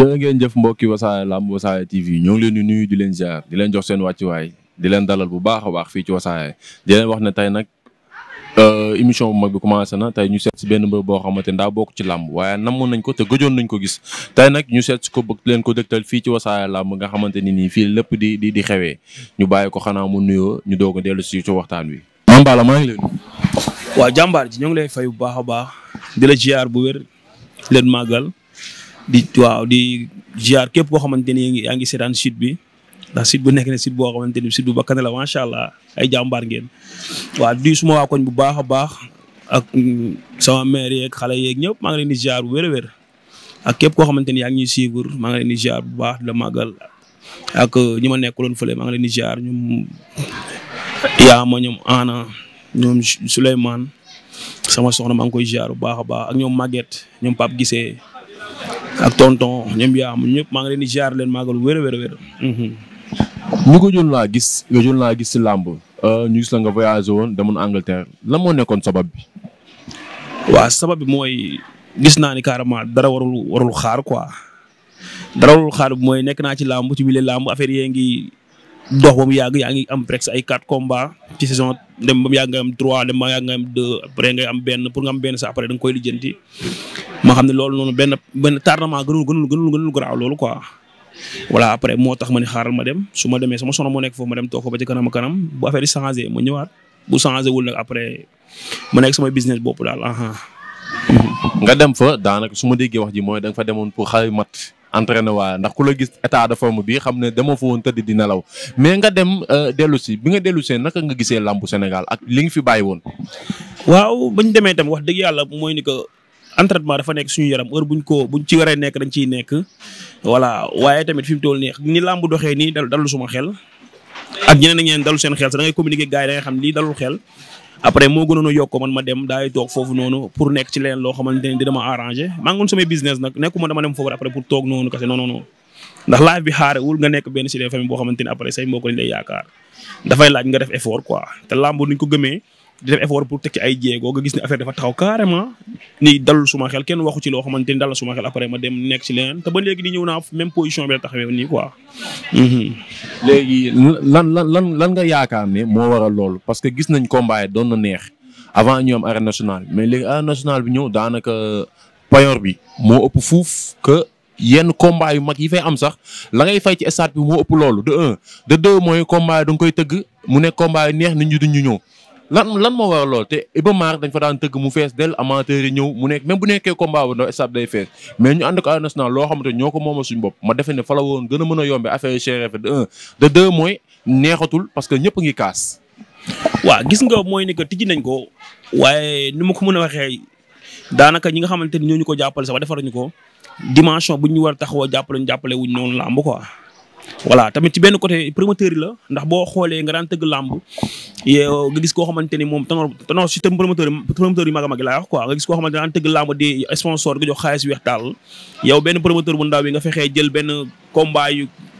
jërë ngeen jëf mbokki wasaare làmb wasaare TV ñoo ngi leen di nuyu di leen ziar di leen jox seen wàccuwaay di leen dalal bu baax a baax fii ci wasaare di leen wax tey nag euh, émission bu mag bi commencé na tey ñu seet si benn mbër boo xamante ne daa bokk ci làmb waaye namoon nañ ko te gëjoon nañ ko gis tey nag ñu seet ko bëgg leen ko dëgtal fii ci wasaare làmb nga xamante ni nii fii lépp di di di xewee ñu bàyyi ko xanaa mu nuyoo ñu doog a dellu si ci waxtaan wi. Mame maa ngi leen waa waaw ji ñoo ngi lay fay bu baax a baax di la ziar bu wér leen màggal di waaw di ziar képp koo xamante ni yaa ngi seetaan site bi ndax site bu nekk ne site boo xamante ni site bu bakkan la macha allah ay jàmbaar ngeen. waaw di suma waa koñ bu baax a baax ak sama mère yeeg xale yeeg ñëpp maa ngi leen di ziar bu wér-wér ak képp koo xamante ni yaa ngi ñuy maa ngi leen di ziar bu baax di la màggal ak ñi ma nekkuloon fële maa ngi leen di ziar ñoom Yaama ñoom Ana ñoom Souleymane sama soxna maa ngi koy ziar bu baax a baax ak ñoom Maguette ñoom Pape Gisee. ak tonton ñoom yaa am maa ngi leen di ziar leen màggal wér wér a wér. Mhm. laa gis nga joon laa gis si làmb euh, ñu gis la woon demoon Angleterre lan moo nekkoon sabab bi. waaw sabab bi mooy gis naa ni carrément dara warul warul xaar quoi dara warul xaar bi mooy nekk naa ci làmb ci biir làmb affaire yee ngi dox ba mu yàgg yaa ngi am presque ay quatre combats ci saison dem ba yàgg nga am trois dem ba nga am deux après nga am benn pour nga am benn sa après da nga koy lijjanti ma xam ne loolu noonu benn benn tardement gënul gënul gënul gënul loolu quoi. voilà après moo tax ma ni xaaral ma dem su ma demee sama sono moo nekk foofu ma dem toog fa ba ci kanam kanam bu affaire ma ñëwaat ma nekk sama business bopp daal. nga dem fa daanaka su ma déggee wax ji mooy da fa demoon pour xay mat entraîné waa ndax ku la gis état de forme bi xam ne demoo fa woon te di nelaw mais nga dem euh, dellu si bi nga dellu see naka nga gisee làmbu Sénégal ak li nga fi bàyyi woon. waaw bañ demee tam wax dëgg entraînement dafa nekk suñu yaram heure buñ ko buñ ci waree nekk dañ ciy nekk voilà waaye tamit fi mu toll nii ni làmb suma xel ak ñeneen ak seen xel sax da ngay communiquer gars yi da ngay xel après ma dem daay toog foofu ma dama dem foofu après pour toog noonu kese non ndax live bi xaare wul nga nekk benn si des famille boo xamante ne après say mbokk lay yaakaar dafay laaj nga def effort quoi te làmb ko gëmee di def effort pour tekki ay jéego nga gis ne affaire dafa taxaw carrément ni dalul suma xel kenn waxu ci loo xamante ni dalal suma xel après ma dem nekk ci leneen te ba léegi di ñëw naa même position bi la taxawee nii mhm. léegi lan lan lan lan nga yaakaar ne moo waral loolu parce que gis nañ combat yi doon na neex avant ñu am arène nationale mais léegi arène nationale bi ñëw daanaka payoor bi moo ëpp fuuf que. yenn combat yu mag yi fay am sax la ngay fay ci stade bi moo loolu de un de deux mooy da nga koy tëgg mu nekk combat neex nit ñi duñ ñu ñëw lan lan moo waral lool te Iba Mar dañ fa daan tëgg mu fees del amateur yi ñëw mu nekk même bu nekkee combat bu ndaw day fees mais ñu ànd ko Arène Nationale loo xamante ñoo ko mooma suñu bopp ma defe ne fa la woon gën a mën a yombe affaire yi chéré de un mooy neexatul parce que ñëpp ngi kaas waaw gis nga mooy ni que tijji nañ ko waaye ni ma ko mën a waxee daanaka ñi nga xamante ni ñoo ñu ko jàppale sax defaruñu ko dimension bu ñu war taxawoo jàppale ñu jàppale wuñ noonu làmb quoi voilà tamit ci benn côté promoteur yi la ndax boo xoolee nga daan tëgg làmb yow nga gis koo xamante ni moom Tanor Tanor si tam promoteur promoteur yu mag a mag laa wax quoi nga gis koo xamante ne daan tëgg làmb di sponsor nga jox xaalis weex taal yow benn promoteur bu ndaw bi nga fexee jël benn combat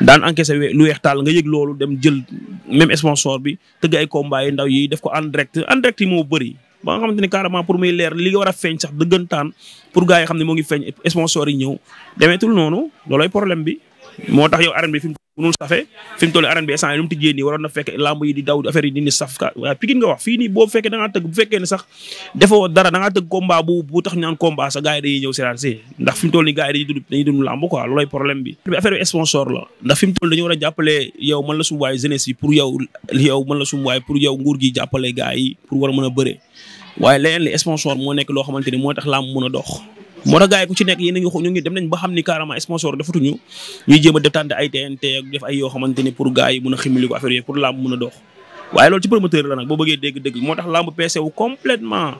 daan encaissé lu weex taal nga yëg loolu dem jël même sponsor bi tëgg ay combat yu ndaw yi def ko en direct en direct yi moo bëri ba nga xamante ni carrément pour muy leer li nga war a feeñ sax dëggantaan pour gars yi xam ne moo ngi feeñ sponsor yi ñëw demeetul noonu loolooy problème bi. moo tax yow arène bi fi mu mënul safe fi toll yi nu mu tijjee nii waroon na fekk lamb yi di daw affaire yi di ni saf ka waaw nga wax fii boo fekkee da tëgg bu fekkee ne sax defoo dara da tëgg combat bu bu tax ñu naan combat a gars yi dañuy ñëw seetaan si ndax fi toll nii gars dañuy dund dañuy lamb quoi loolooy problème bi affaire bi sponsor la ndax fi toll dañu war a jàppale yow mën la sumu waay pour yow nguur gi jàppale gars yi pour war a a bëre wa leneen li sponsor moo nekk loo xamante ni moo tax lamb mën a dox moo tax gars yi ku ci nekk yéen a ngi ñu ngi dem nañ ba xam ni carrément sponsor defatuñu ñuy jéem a détente ay TNT ak ay yoo xamante ni pour gars yi mun a ximali ko affaire yooyu pour làmb mun a dox waaye loolu ci promoteur la nag boo bëggee dégg-dégg moo tax làmb PC wu complètement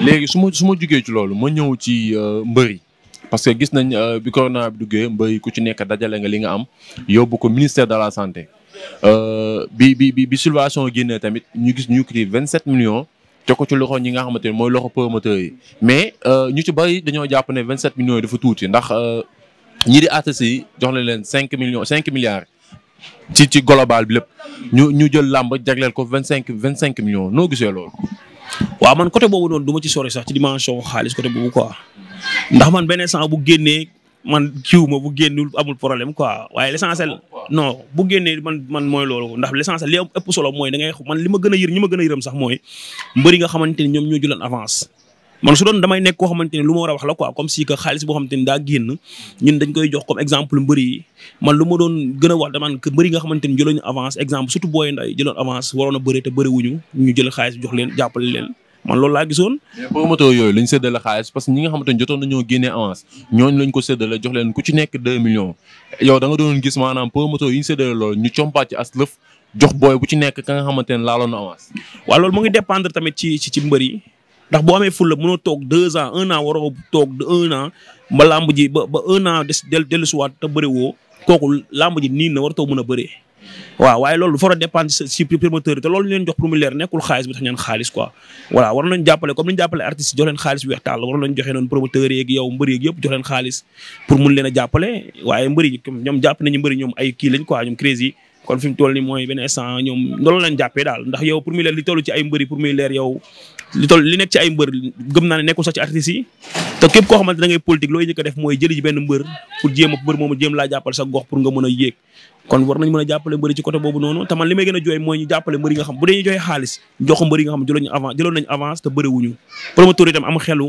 léegi su ma su ma jugee ci loolu ma ñëw ci euh, mbër yi parce que gis nañ euh, bi corona bi duggee mbër yi ku ci nekk dajale nga li nga am yóbbu ko ministère de la santé euh, bi bi bi bi subvention génnee tamit ñu gis ñu créé 27 millions. jox ko ci loxo ñi nga xamante ne mooy loxo promoteur yi mais euh, ñu ci bari dañoo jàpp ne 27 millions yi dafa tuuti ndax euh, ñi di artistes yi jox leen cinq millions cinq milliards ci ci global bi lépp ñu ñu jël làmb jagleel ko vingt 25 millions noo gisee lool waaw man côté boobu noonu du ma ci sori sax ci dimension xaalis côté boobu quoi ndax man benn sens bu génnee. man kiw ma bu génnul amul problème quoi waaye l'essentiel non bu génnee man man mooy loolu ndax l'essentiel li am solo mooy da ngay man li ma gën a yër ma gën a yërëm sax mooy mbëri nga xamante ni ñoom ñoo jëloon avance man su doon damay nekk koo xamante ni lu ma war a la quoi comme si boo xamante ni daa génn koy jox comme exemple mbëri yi man lu ma doon gën a wax damaan que nga xamante ni jëloon avance exemple surtout booy nday jëloon avance waroon a bëri te bëri wu ñu jël xaalis bi jox leen jàppale leen man loolu laa gisoon. mais yooyu lañ séddale xaalis parce que ñi nga xamante ne jotoon nañoo génnee avance ñooñu lañ ko séddale jox leen ku ci nekk 2 millions. yow danga nga doon gis maanaam promoteur yi ñu séddale loolu ñu compaat ci as lëf jox booy bu ci nekk ka nga xamante ne laaloon na avance. waaw loolu mu ngi dépendre tamit ci ci ci mbër yi ndax boo amee fulla mënoo toog 2 ans 1 an waroo toog 1 an ba làmb ji ba ba 1 an des dellusiwaat te bëri woo kooku làmb ji nii na wartoo mën a bëree. waaw waaye loolu dafa war a dépendre si promoteur te loolu ñu leen jox pour mu leer nekkul xaalis bi tax ñaan xaalis quoi voilà war nañ jàppale comme ni ñu jàppale artistes jox leen xaalis weex tàll a jàppale waaye mbër yi ñoom jàpp mooy benn instant ñoom loolu lañ jàppee daal ndax yow pour muy leer li toll ci ay mbër yi leer yow li toll li nekk ci ay mbër gëm naa ne nekkul sax ci artistes yi te képp koo xamante da ngay politique looy njëkk a def mooy jëli ji benn mbër pour jéem a mbër moomu jéem laa jàppale gox pour nga mën a yéeg kon war nañ mën a jàppale mbëri ci côté boobu noonu te man li may gën a jooy mooy ñu jàppale mbëri nga xam bu dee ñu joxe xaalis jox ko nga xam jëloon ñu avance jëloon nañ avance te bëri wuñu promoteur am xelu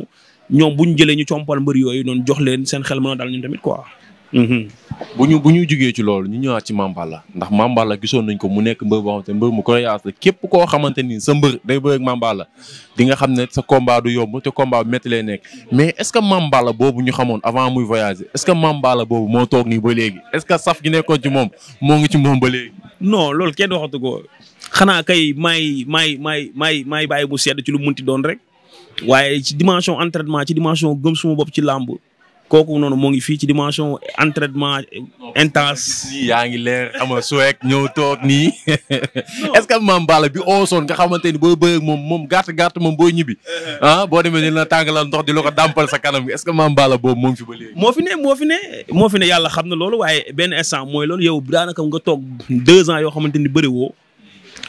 ñoom buñ jëlee ñu compal mbëri yooyu noonu jox leen seen xel mën a dal ñun tamit quoi Mm-hmm. bu ñu bu ñu jugee ci loolu ñu ñëwaat ci Mamballa ndax Mamballa gisoon nañ ko mu nekk mbër boo xamante ne mbër mu croyance la képp koo xamante ni sa mbër day bëre ak Mamballa di nga xam ne sa combat du yomb te combat bu métti nekk mais est ce que Mamballa boobu ñu xamoon avant muy voyager est ce que Mamballa boobu moo toog nii ba léegi est ce que saf gi nekkoon ci moom moo ngi ci moom ba léegi. non loolu kenn waxatu ko xanaa kay may may may may may bàyyi mu sedd ci lu munti doon rek waaye ci dimension entraînement ci dimension gëm suma bopp ci làmb kooku noonu moo ngi fii ci dimension entraînement intense. yaa ngi leer xam nga su weeg ñëw toog nii est-ce que maam Balla bi oosoon nga xamante boo bëyee moom moom gàtt gàtt moom boo ñibbi uh-huh. ah boo demee dina tàngalal ndox di la ko dàmpal sa kanam gi est-ce maam Balla boobu moo ngi fi ba moo fi ne moo fi ne yàlla xam na loolu waaye benn instant mooy loolu yow daanaka nga toog deux ans yoo xamante ni bëri woo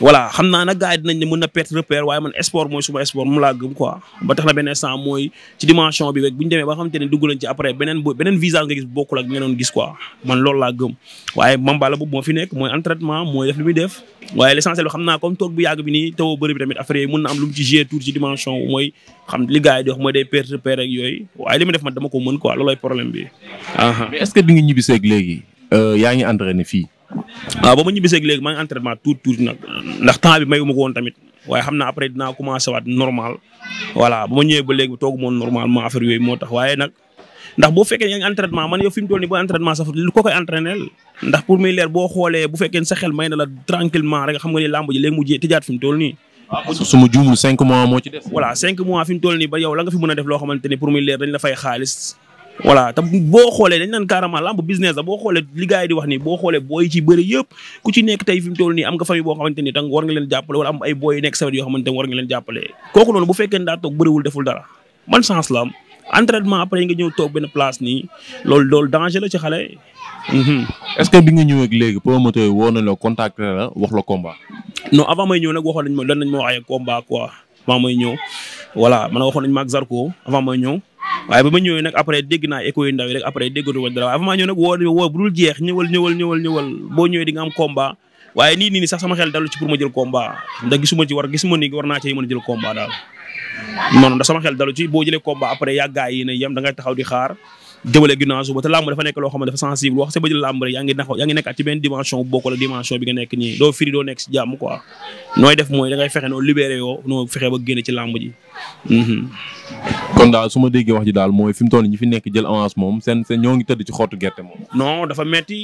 voilà xam naa nag gars yi mën na perte repère waaye man sport mooy suma sport mu laa gëm quoi ba tax na benn instant mooy ci dimension bi rek bu ñu demee ba xamante ne dugg lañ ci après beneen beneen visage nga gis bokkul ak nga doon gis quoi man loolu laa gëm waaye mambala boobu moo fi nekk mooy entraînement mooy def def waaye l'essentiel bi xam naa comme toog bu yàgg bi nii taw bëri bi tamit affaire yooyu mën na am lu ci gérer tuuti ci dimension mooy xam li gars di mooy def man dama ko mën quoi loolooy problème bi. Ah, ah. mais est-ce que euh, ngi entraîné fii waaw ah, ba ma ñibbisee léegi maa ngi entraînement tuuti tuuti nag ndax temps bi mayuma ko woon tamit waaye xam naa après dinaa commencé waat normal voilà ba ma ñëwee ba léegi toogu moon normalement affaire yooyu moo tax waaye nag ndax boo fekkee yaa ngi entraînement man yow fi mu toll nii boo entraînement boo xoolee bu fekkee sa may na la tranquillement rek xam nga ni làmb ji léegi mu jee tëjaat fi mu toll nii su ma juumul cinq mois moo ci des voilà cinq mois fi mu nii ba nga fi mën loo xamante ni pour muy leer dañ voilà te boo xoolee dañ naan carrément lamb business la boo xoolee li gars yi di wax nii boo xoolee booy ci bëri yëpp ku ci nekk tey fi mu toll nii am nga famille boo xamante ni danga war nga leen jàppale ay booy nekk sawet yoo xamante ni war nga leen jàppale kooku noonu bu fekkee ne daa toog bëriwul deful dara man chance la am entraînement après nga ñëw toog benn place nii loolu loolu danger la ci xale mhm. est-ce que bi nga ñëweek ak léegi promoteur yi woo nañ la la wax la combat non avant may ñëw nag waxoon nañ ma doon nañ ma wax ay combat quoi avant may ñëw voilà man waxoon nañu ma a Zarko avant may ñëw waaye ba ma ñëwee nag après dégg naa écho yu ndaw yi rek après déggatu ma dara waaye avant maa ñëw nag woo woo bu dul jeex ñëwal ñëwal ñëwal ñëwal boo ñëwee di nga am combat waaye nii nii nii sax sama xel dalu ci pour ma jël combat ndax gisuma ci war gisuma ni war naa cee mën a jël combat daal. non ndax sama xel dalu ci boo jëlee combat après yàggaay yi ne yem da ngay taxaw di xaar jëmale ginnaaw suba te làmb dafa nekk loo xam ne sensible wax sa bëjël làmb rek yaa ngi ci benn dimension bu bokk la dimension bi nga nekk nii doo firi doo nekk si jàmm nooy def mooy da fexe noo libéré yoo noo fexe ba génne ci làmb ji mhm. kon daal su ma déggee wax ji daal mooy fi mu toll ñi fi nekk jël avance moom seen seen ñoo ngi tëdd ci xottu gerte moom. non dafa metti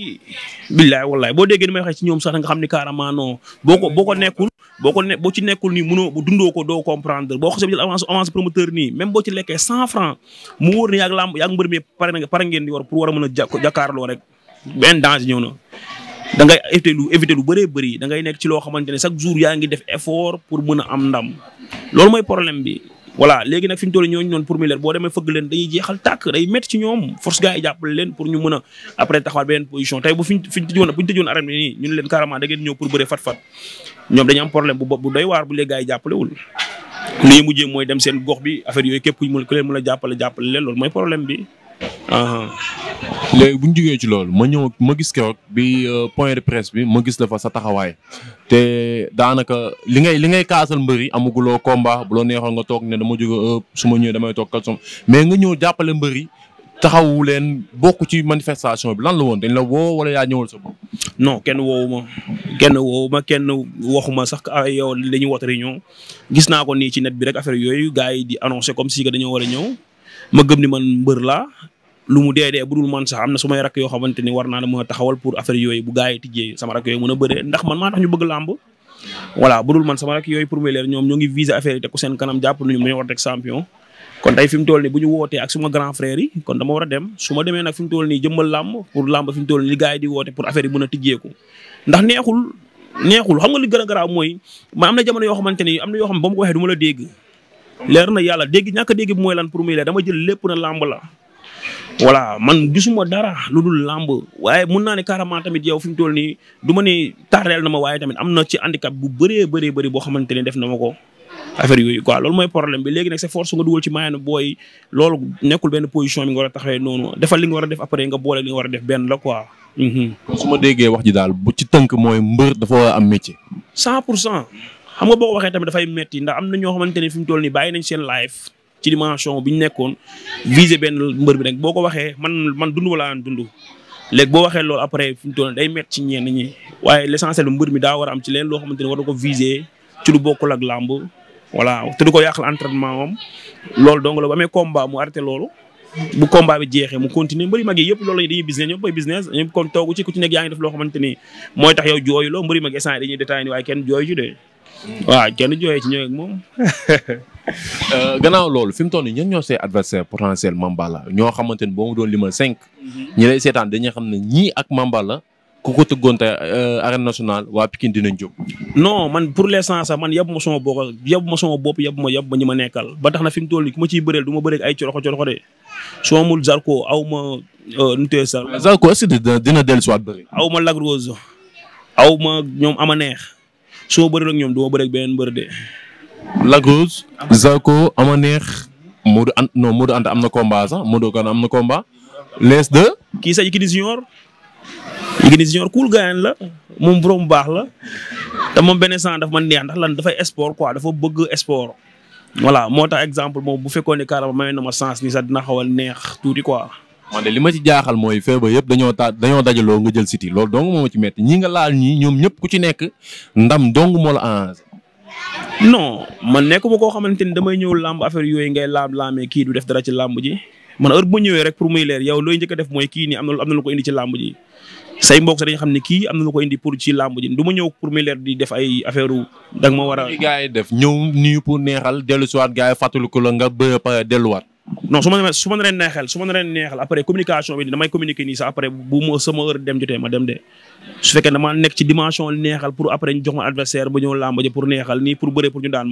billaay wallaay boo déggee ni may waxee ci ñoom sax nga xam ni carrément non boo ko boo ko nekkul boo ko ne boo ci nekkul nii mënoo dundoo ko doo comprendre boo xasee jël avance avance promoteur nii même boo ci lekkee cent franc mu wóor ni yaa ngi làmb yaa ngi pare ngeen di war pour war a mën a jàkkaarloo rek benn danger da ngay lu éviter lu bëree bëri da ngay nekk ci loo xamante ne chaque jour yaa ngi def effort pour mën a am ndam loolu mooy problème bi voilà léegi nag fi ñu toll ñooñu noonu pour mu leer boo demee fëgg leen dañuy jeexal tàkk day métti ci ñoom force gars yi jàppale leen pour ñu mën a après taxawaat beneen position tey bu fi ñu fi ñu tëjoon bu leen carrément da ngeen pour bëree fat-fat ñoom dañu am problème bu doy waar bu lee gars yi jàppalewul li mujjee mooy dem seen gox bi affaire yooyu képp ku leen mën a jàppale jàppale leen loolu mooy problème bi Uh-huh. léegi bu ñu jugee ci loolu ma ñëw ma gis keroog bi euh, point de presse bi ma gis la fa sa taxawaay te daanaka li ngay li ngay kaasal mbër yi amaguloo combat bu loo neexoon nga toog ne dama jóge suma ma ñëwee damay toog kat som mais nga ñëw jàppale mbër yi taxawu leen bokk ci manifestation bi lan la woon dañ la woo wala yaa ñëwal sa bopp. non kenn woowuma kenn woowuma kenn waxuma sax ay ah, yow dañuy woote réunion gis naa ko nii ci net bi rek affaire yooyu gars yi di annoncé comme si dañoo war a ñëw ma gëm ni laa lu mu dee dee budul man sax am na sumay rakk ni war naa la mën a taxawal pour affaire yooyu bu gaa yi sama rakk yooyu mën a bëree ndax man maa tax ñu bëgg làmb voilà budul man sama rakk yooyu pour muy leer ñoom ñoo ngi visé affaire yi te ku seen kanam ñu wootee a dem su ma demee làmb pour làmb fi nii li gaa yi di woote pour affaire yi mën a tijjeeku ndax neexul neexul xam nga li gën a mooy man am na jamono yoo xamante ni am na yoo xam ne ba ma ko waxee du ma la dégg leer na yàlla dégg ñàkk dégg bi mooy lan pour muy leer lépp na làmb la voilà man gisuma dara lu dul làmb waaye mun naa ne carrément tamit yow fi mu toll nii du ma ne tardeel na ma waaye tamit am na ci handicap bu bëree bëree bëri boo xamante ne def na ma ko affaire yooyu quoi loolu mooy problème bi léegi nag c'est force nga dugal ci maayana booy loolu nekkul benn position a taxawee noonu defal li war a def après nga boole li nga a def benn la quoi. Mhm. ma déggee wax ji daal bu ci tënk mooy mbër dafa a am métier. pour cent xam nga boo ko waxee tamit dafay metti ndax am na ñoo xamante ne fi mu toll nii bàyyi nañ seen life. ci dimension bi ñu nekkoon viser benn mbër bi rek boo ko waxee man man dund wala an dund léegi boo waxee loolu après fi mu toll day métti ci ñenn ñi waaye l'essentiel bu mbër mi daa war a am ci leen loo xamante ne war na ko viser ci lu bokkul ak làmb voilà te du ko entraitement entraînement am loolu donc la bu amee combat mu arrêté loolu bu combat bi jeexee mu continuer mbëri mag yi yëpp loolu la dañuy business ñoom boy business ñoom kon toogu ci tax yow jooyu loo mbëri mag instant kenn jooy ju de moom euh, gannaaw loolu fi mu toll nii ñan ñoo see adversaire potentiel Mambala ñoo xamante ni boo mu doon limal cinq mhm. ñi seetaan dañuy xam ne ñii ak Mambala ku ko tëggoon te euh, arène nationale waa Pikine dinañ jóg. non sax man yab ma sama bopp yab ma sama bopp yab ma yab ma ñi ma nekkal ba tax na fi mu toll nii ku ma ciy bëreel du ma bëree ay coroxo coroxo de su ma amul Zarko aw ma euh, nu tee sax. Zarko est-ce dina dina dellusiwaat bëri. aw ma Lac Rose aw ma ñoom ama neex su ma bëree ak ñoom du ma bëree ak beneen mbër de. Lac Rose. Zarko ama neex. Modou Anta am na combat sax Modou am na combat. les de kii sax Yékini Junior Yékini Junior cool gaañ la moom borom baax la te moom benn sang dafa man neex ndax lan dafay sport quoi dafa bëgg sport. voilà moo tax exemple moom bu fekkoon ne carrément may na ma sens ni sax dina xaw a neex tuuti quoi. man de li ma ci jaaxal mooy feebar yëpp dañoo ta dañoo dajaloo nga jël siti loolu dong moo ci metti ñi nga laal ñii ñoom ñëpp ku ci nekk ndam dong moo la arrangé. non man nekkuma koo xamante ni damay ñëw làmb affaire yooyu ngay laam laamee kii du def dara ci làmb ji. man heure bu ñëwee rek pour muy leer yow looy njëkk a def mooy kii am na lu ko indi ci làmb ji say mbokk sax dañu ne kii am na lu ko indi pour ci làmb ji du ma ñëw pour muy leer di def ay affaire u da nga ma war a. gars yi def ñëw nga ba delluwaat. non su su ma leen neexal su ma leen neexal après communication bi damay communiquer nii sax après bu ma sama heure dem jotee ma dem de su fekkee damaa nekk ci dimension neexal pour après ñu jox ma adversaire ba ñëw làmb ji pour neexal nii pour bëree pour ñu daan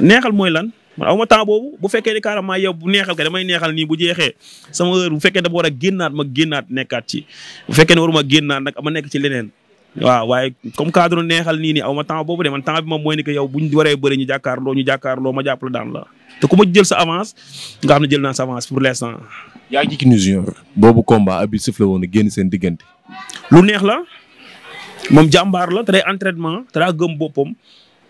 neexal mooy lan man ma temps boobu bu fekkee ne carrément yow bu neexal ka damay neexal nii bu jeexee sama heure bu fekkee dafa war a génnaat ma génnaat nekkaat ci bu fekkee ne waruma génnaat nag ma nekk ci leneen. waaw waaye comme cadre neexal nii nii aw ma temps boobu de man temps bi moom mooy ni que yow buñ waree bëri ma la daan la te ku ma jël sa avance nga xam ne jël naa sa avance pour l'instant. yaa ngi Yékini Junior boobu combat abi sifflé woon génn seen diggante. lu neex la moom jàmbaar la te day entraînement gëm boppam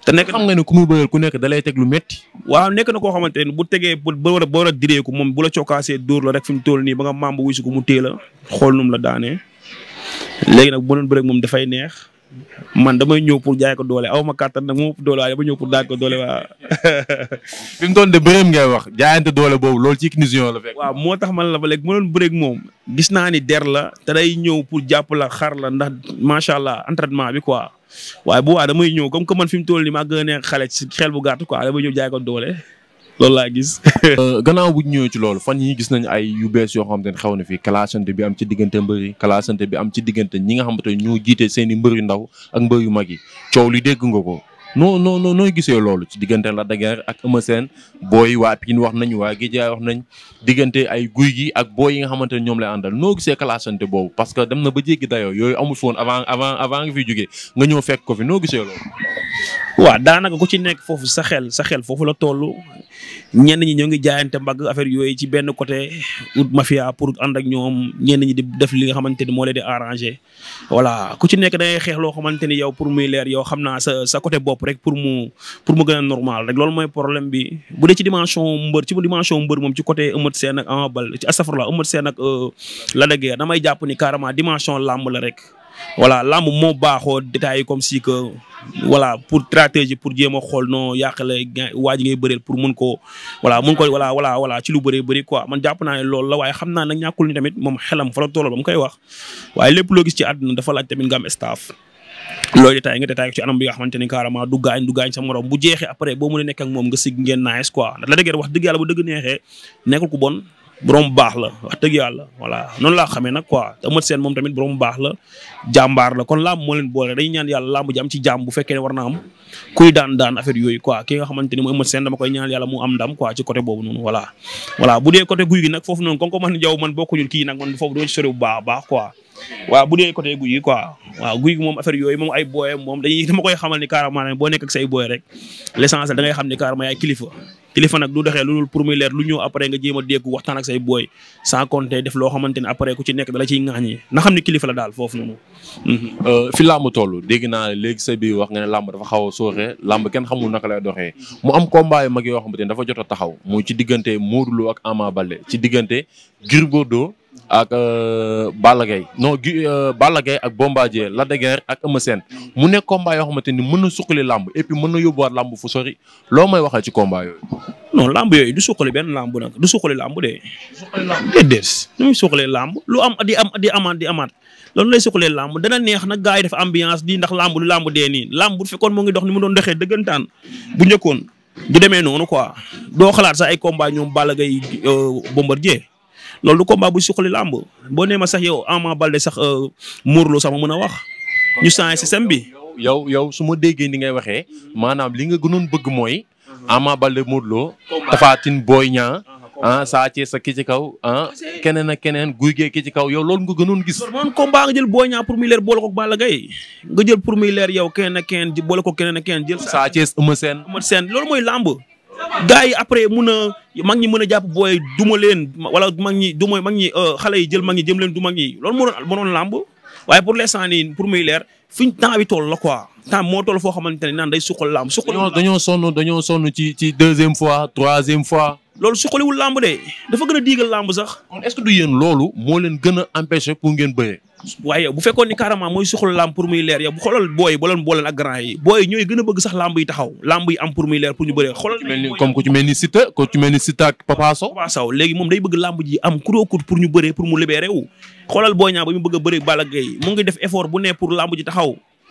te nekk xam nga ne ku ku nekk da lay teg lu métti. waaw nekk na koo xamante ne bu tegee ba war a ba war moom bu la cokkaasee dóor la rek fi mu toll nii ba nga maam ba wuyu si la xool nu mu daanee léegi nag bu doon bëreeg moom dafay neex man damay ñëw pour jaay doole aw ma kàttan nag moom doole waaye dama ñëw pour waa. fi mu doon de bëreem ngay wax jaayante doole boobu loolu ci Kinizion la fekk. waaw moo tax man la ba léegi mu doon bëreeg moom. gis naa ni der la te day ñëw pour jàpp la xar la ndax macha allah entraînement bi quoi. waaye bu waa ñëw comme que man fi mu toll nii maa gën a nekk xale ci xel bu gàtt quoi damay ñëw jaay ko doole loolu laa gis. Euh, gannaaw bu ñëwee ci loolu fan ñii gis nañ ay yu bees yoo xam ne xew na fi classante bi am ci diggante mbër yi classante bi am ci diggante ñi nga xamante ne ñoo jiite seeni i mbër yu ndaw ak mbër yu mag yi coow li dégg nga ko no noo noo nooy loolu ci diggante la de ak Eumeu Sène booy waa Pikine wax nañ waa gaa wax nañ diggante ay guy gi ak booy yi nga xamante ne ñoom lay àndal noo gisee classante boobu parce que dem na ba jéggi dayoo yooyu amul foon avant avant avant nga fiy jógee nga ñëw fekk ko fi noo gisee loolu waaw daanaka ku ci nekk foofu sa xel sa xel foofu la toll ñenn ñi ñoo ngi jaayante mbag affaire yooyu ci benn côté ut mafia pour ànd ak ñoom ñenn ñi di def li nga xamante ni moo leen di arrangé. voilà ku ci nekk da ngay xeex loo xamante ni yow pour muy leer yow xam naa sa sa côté bopp rek pour mu pour mu gën a normal rek loolu mooy problème bi. bu dee ci dimension mbër ci dimension mbër moom ci côté Eumeu seen ak Ama Baldé ci astafurlah Eumeu Sène ak euh, Lac de Guiers damay jàpp ni carrément dimension làmb la rek. voilà lamb moo baaxoo détails comme si que voilà pour stratégie pour jéem a xool non yàqale gain waa ji ngay bëreel pour mun ko voilà mun ko wala voilà voilà ci lu bëree bëri quoi man jàpp naa ne loolu la waaye xam naa nag ñàkkul ni tamit moom xelam fa la tolloo ba mu koy wax waaye lépp loo gis ci àdduna dafa laaj tamit nga am staff. loolu détail nga détail ko ci anam bi nga xamante ni carrément du gaañ du gaañ sa morom bu jeexee après boo mënee nekk ak moom nga sig ngeen nice quoi la borom baax la wax dëgg yàlla voilà noonu laa xamee nag quoi te Eumeu Sène moom tamit borom baax la jàmbaar la kon làmb moo leen boole dañuy ñaan yàlla làmb ji am bu fekkee ne na am kuy daan daan affaire yooyu quoi ki nga xamante ni mooy Eumeu Sène dama koy am ndam quoi ci côté boobu noonu voilà. voilà bu dee côté guy gi nag foofu noonu kon ko man jaww man bokkuñu kii nag man foofu doo ci sori bu baax baax quoi. waaw bu dee côté guy yi quoi waaw moom affaire yooyu moom dama koy xamal ni carrément boo nekk ak say booy rek l'essentiel da ngay xam ni carrément yaay kilifa téléphone nag du doxee loolu pour muy leer lu ñëw après nga jéem a dégg waxtaan ak say booy sans compter def loo xamante ne après ku ci nekk dala ciy ŋaañee na xam ne kilifa la daal foof na mhm. euh, fi làmb toll dégg naa léegi sa biir wax nga ne làmb dafa xaw a sooxe làmb kenn xamu naka lay doxee mu am combat yu mag yoo xamante ne dafa jot a taxaw mu ci diggante Modou Lo ak Ama Baldé ci diggante Gris Bordeaux ak euh, Balla Gaye non gi euh, Balla Gaye ak bomba Lac la Guiers ak Eumeu Sène mu nekk combat yoo xamante ni mën na suqali làmb et puis mën na yóbbuwaat làmb fu sori loo may waxee ci combat yooyu. non làmb yooyu du suqali benn làmb nag du suqali làmb de. suqali làmb déedéet nu muy suqalee làmb lu am di am di amaat di amaat loolu lay suqalee làmb dana neex na gars yi def ambiance di ndax làmb lu làmb dee nii làmb bu fekkoon mu ngi dox ni mu doon doxee dëggantaan bu njëkkoon du demee noonu quoi doo xalaat sax ay combat ñoom Balla Gaye euh, Bombardier loolu du combat bu suqali làmb boo nee ma sax yow Ama Baldé sax euh, Mourlo sax ma mën a wax. ñu changé système bi. yow yow su ma déggee ni ngay waxee maanaam li nga gënoon bëgg mooy. Ama Baldé Mourlo. Tapha Tine Boy Niang. ah Sa Thiès ki ci kaw ah keneen ak keneen guy gee ki ci kaw yow loolu nga gënoon gis. man combat nga jël Boy Niang pour muy leer boole ko bala Gaye nga jël pour muy leer yow keneen ak keneen boole ko keneen a keneen jël. Sa Thiès Eumeu seen Eumeu seen loolu mooy làmb. gars yi après mun a mag ñi mën a jàpp booy duma leen wala mag ñi duma mag ñi euh, xale yi jël mag ñi jëm leen du mag ñi loolu moo doon mënoon làmb waaye pour l'instant nii pour muy leer fiñ temps bi toll la quoi temps moo toll foo xamante ne naan day suqal làmb suqal dañoo sonn dañoo sonn ci ci deuxième fois troisième fois loolu su xolewul làmb de dafa gën a diigal làmb sax. kon est du yéen loolu moo leen gën a empêché pour ngeen bëyee. waaye bu fekkoon ni carrément mooy soxla làmb pour muy leer yow bu xoolal booy yi booleen booleen ak grand yi booy yi gën a bëgg sax làmb yi taxaw làmb yi am pour muy leer pour ñu bëree xoolal comme ku ci mel ni Siteu ku ci mel ni Siteu ak Papa Sow Papa Sow léegi moom day bëgg làmb ji am kuróokut pour ñu bëree pour mu libéré wu xoolal ba mu bëgg a bëree Balla Gaye ne pour làmb ji taxaw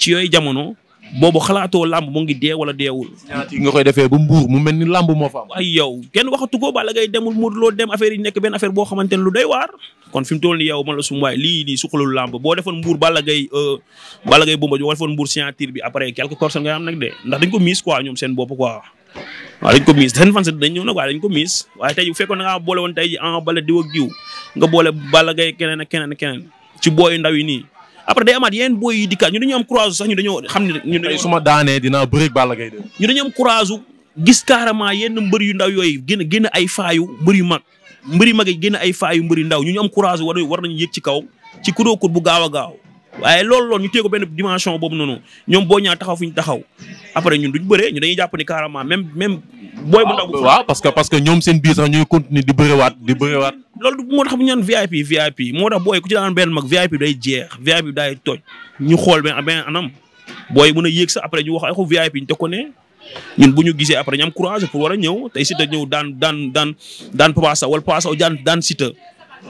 ci yooyu jamono boobu xalaatoo làmb moo ngi dee wala deewul. nga koy defee ba mbuur mu mel ni làmb moo fa ay yow kenn waxatu ko Balla Gaye demul Modou loo dem affaire yi nekk benn affaire boo xamante ne lu doy waar. kon fi mu toll nii yow man la sum waay lii nii suqalul làmb boo defoon mbuur bala Gaye Balla Gaye euh, bomba boo defoon mbuur signature bi après quelques personnes nga am nag de ndax dañ ko miis quoi ñoom seen bopp quoi. waaw dañ ko miis seen fans dañ ñëw nag waaye dañ ko miis waaye tey bu fekkoon da boole bala diw ak diw nga boole Balla Gaye keneen ak keneen ak keneen ci booy ndaw yi nii après day amaat yeneen booy yi dikkaat ñu dañu am courage sax ñu dañoo ñu dañoo suma daanee dinaa bëreeg Balla Gaye de ñu dañu am courage gis carrément yenn mbër yu ndaw yooyu gën a gën ay faayu mbër yu mag mbër yu mag yi gën a ay faayu mbër ndaw ñu ñu am courage war war nañu yëg ci kaw ci kudookut bu gaaw a gaaw waaye loolu loolu ñu téye ko benn dimension boobu noonu ñoom boo ñaa taxaw fi ñu taxaw après ñun duñ bëree ñu dañuy jàpp ni carrément même même. booy bu ndaw ah, waaw parce que que ñoom seen biir sax ñuy continuer di bëriwaat moo tax bu ñu VIP VIP moo tax booy ku ci daan benn mag VIP day jeex VIP day toj ñu xool benn anam booy mën a yéeg sax après ñu wax ay VIP ñu teg ko ne ñun bu ñu gisee après ñu courage pour war a ñëw tey Siteu ñëw daan daan daan daan Papa Sow wala Papa daan daan Siteu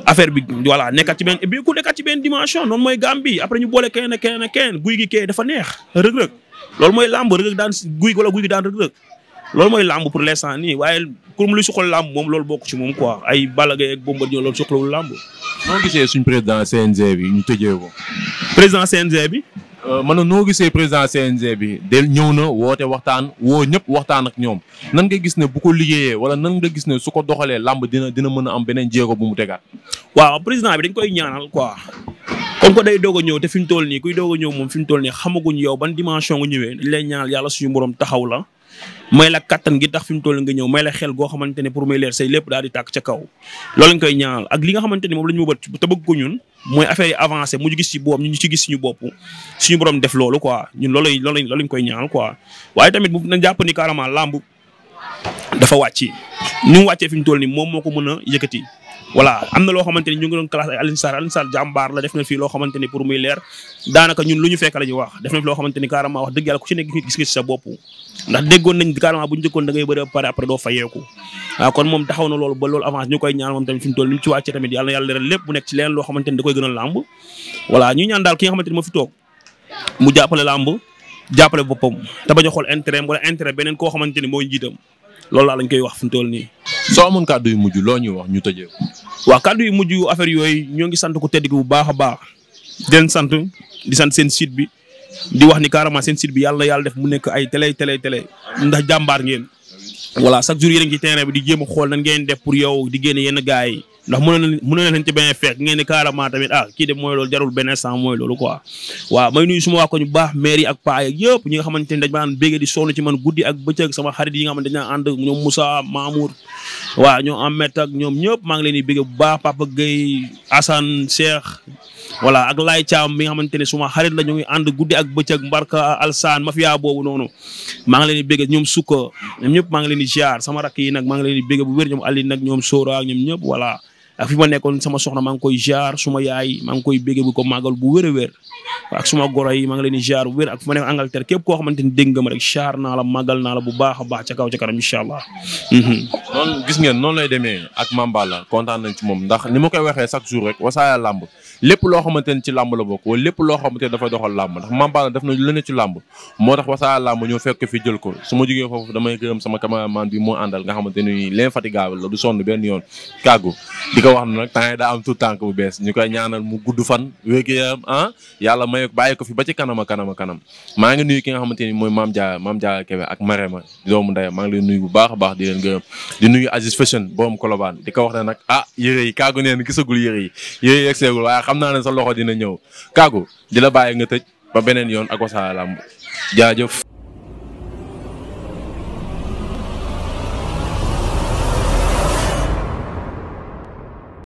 affaire bi voilà nekkat ci benn dimension noonu mooy Gambie après ñu boole keneen ak keneen keneen guy gi kee dafa neex rëg-rëg loolu mooy làmb rek daan guy wala guy daan rek loolu mooy làmb pour l'instant nii waaye comme lu soxla làmb moom loolu bokk ci moom quoi ay Balla Gaye ak Bombardier loolu soxlawul la noo suñ président CNG bi ñu tëjee ko. président CNG bi. Euh, man na noo gisee président CNG bi de ñëw na woote waxtaan woo ñëpp waxtaan ak ñoom nan nga gis ne bu ko liggéeyee wala nan nga gis ne su ko doxalee làmb dina dina mën a am beneen jéego bu mu tegaat. waaw président bi dañ koy ñaanal quoi. comme que day doog a ñëw te fi toll nii kuy doog a ñëw moom fi mu toll nii xamaguñ yow ban dimension nga ñëwee dañ lay ñaanal yàlla suñu borom taxaw la may la kattan gi tax fi mu toll nga ñëw may la xel goo xamante ne pour may leer say lépp daal di tàkk ca kaw loolu lañ xamante ne moom la ñu mëbët te bëgg ko ñun mooy affaire yi avancé mu gis ci boom ñu ci gis suñu bopp suñu borom def loolu quoi ñun loolu loolu loolu lañ koy ñaanal quoi waaye tamit bu na jàpp ni carrément làmb dafa wàcc ni mu wàccee fi mu toll nii moom moo ko mën a yëkkati voilà am na loo xamante ni ñu ngi doon classe ay Alioune Sarr Alioune jàmbaar la def na xamante ni pour muy leer daanaka ñun lu ñu fekk la ñu fi loo xamante ni carrément wax dëgg yàlla ku ci nekk gis nga sa bopp ndax déggoon nañ carrément bu moom taxaw na loolu ba loolu avance ñu koy ñaan moom tamit fi mu toll ni mu ci wàccee tamit yàlla na yàlla bu nekk ci leneen a làmb voilà ñuy ñaan daal ki nga xamante ni mu jàppale làmb jàppale boppam te bañ xool intérêt wala intérêt beneen koo xamante ni mooy njiitam loolu laa lañ koy wax fu mu nii. soo amoon kàddu yu mujj loo ñuy wax ñu tëjee ko. waaw kàddu yu mujj affaire yooyu ñoo ngi sant ko tedd gi bu baax a baax di sant di sant seen site bi di wax ni carrément seen site bi yàlla yàlla def mu nekk ay télé télé télé ndax jàmbaar ngeen. voilà chaque jour yéen a ngi ci terrain bi di jéem a xool nan ngeen def pour yow di génne yenn gars yi ndax mënoon nañ mënoon nañ ci beneen fekk ngeen ne carrément tamit ah kii de mooy loolu jarul beneen sang mooy loolu quoi waaw may nuyu suma waa ko ñu baax maire yi ak paa yeeg yëpp ñi nga xamante ni dañ maa daan bégge di sonn ci man guddi ak bëccëg sama xarit yi nga xamante dañaa ànd ñoom Moussa Mamour waaw ñoom Ahmed ak ñoom ñëpp maa ngi leen di bégge bu baax Papa Gueye Assane Cheikh voilà ak Laye caam mi nga xamante ne suma xarit la ñu ngi ànd guddi ak bëccëg Mbarka Alsaan mafia boobu noonu maa ngi leen di bégge ñoom sukka ñoom ñëpp maa ngi leen di ziar sama rakk yi nag maa ngi leen di bu wér ñoom Ali nag ñoom Sora ak ñoom ñëpp voilà ak fi ma nekkoon sama soxna maa ngi koy jaar suma yaay maa ngi koy bége bu ko bu wér a wér ak suma goro maa ngi leen di jaar bu wér ak képp koo xamante ni dégg nga ma rek jaar naa la bu baax a baax ca kaw ca kanam incha mhm. gis ngeen noonu lay demee ak Mame Balla kontaan nañ ci moom ndax ni ma koy waxee chaque jour rek Wassare Lamb lépp loo xamante ni ci làmb lépp loo xamante ni dafa doxal làmb ndax Mame Balla def na lu ne ci làmb moo tax Wassare Lamb ñoo fekk fi jël ko su ma jógee foofu damay gërëm sama cameraman bi moo àndal nga xamante ni l'infatigable la du sonn benn yoon kàggu ko wax na nag temps yi am tout tànk bu bees ñu koy ñaanal mu gudd fan wéegi yaram ah may bàyyi ko fi ba ci kanama kanama kanam maa ngi nuyu ki nga xamante ni mooy maam Dia maam Dia Kébé ak Marema doomu ndeyam maa ngi leen nuyu bu baax a baax di leen gërëm di nuyu Aziz Fashion borom Colobane di ko wax ne nag ah yére yi kaagu neen gisagul yére yi yére yi egseegul waaye xam naa ne sa loxo dina ñëw kaagu di la bàyyi nga tëj ba beneen yoon ak Wassare Lamb